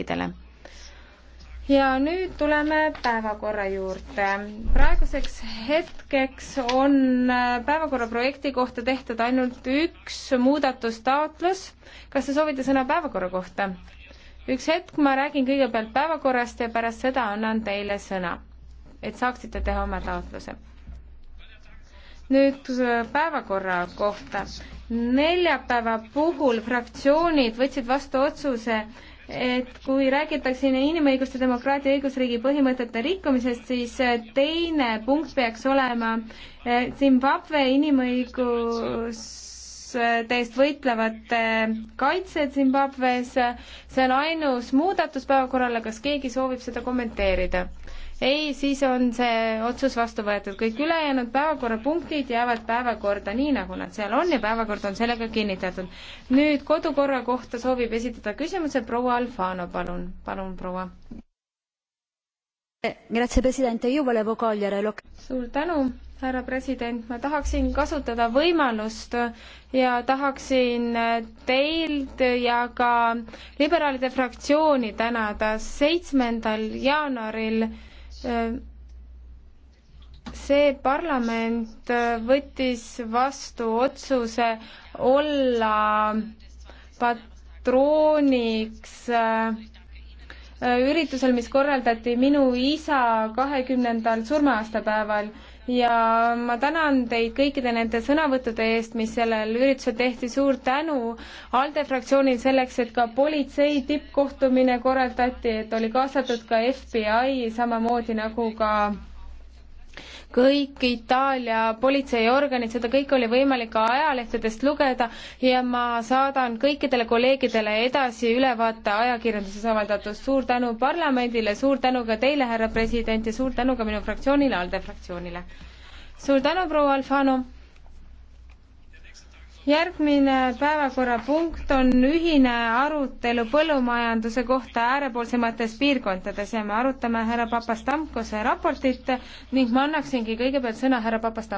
riikidele. ja nüüd tuleme päevakorra juurde. praeguseks hetkeks on päevakorra projekti kohta tehtud ainult üks muudatustaotlus. kas te soovite sõna päevakorra kohta? üks hetk, ma räägin kõigepealt päevakorrast ja pärast seda annan teile sõna, et saaksite teha oma taotluse. nüüd äh, päevakorra kohta. neljapäeva puhul fraktsioonid võtsid vastu otsuse, et kui räägitakse inimõiguste, demokraatia, õigusriigi põhimõtete rikkumisest, siis äh, teine punkt peaks olema äh, Zimbabwe inimõigus vabaduste eest võitlevate kaitsjad Zimbabwe's. see on ainus muudatus päevakorrale, kas keegi soovib seda kommenteerida? ei, siis on see otsus vastu võetud, kõik ülejäänud päevakorrapunktid jäävad päevakorda nii, nagu nad seal on ja päevakord on sellega kinnitatud. nüüd kodukorra kohta soovib esitada küsimuse proua Alfano, palun, palun proua. Eh, grazie presidente, io volevo cogliere lo... suur tänu, härra president, ma tahaksin kasutada võimalust ja tahaksin eh, teilt ja ka liberaalide fraktsiooni tänada seitsmendal jaanuaril eh, see parlament võttis vastu otsuse olla patrooniks äh, Äh, üritusel, mis korraldati minu isa kahekümnendal surma-aastapäeval ja ma tänan teid kõikide nende sõnavõttude eest, mis sellel üritusel tehti, suur tänu ALDE fraktsioonil selleks, et ka politsei tippkohtumine korraldati, et oli kaasatud ka FBI, samamoodi nagu ka kõik Itaalia politseiorganid, seda kõike oli võimalik ka ajalehtedest lugeda ja ma saadan kõikidele kolleegidele edasi ülevaate ajakirjanduses avaldatust. suur tänu parlamendile, suur tänu ka teile, härra president, ja suur tänu ka minu fraktsioonile, ALDE fraktsioonile. suur tänu, proua Alfano! järgmine päevakorrapunkt on ühine arutelu põllumajanduse kohta äärepoolsemates piirkondades ja me arutame härra Papastamkose raportit ning ma annaksingi kõigepealt sõna härra Papastamkosele.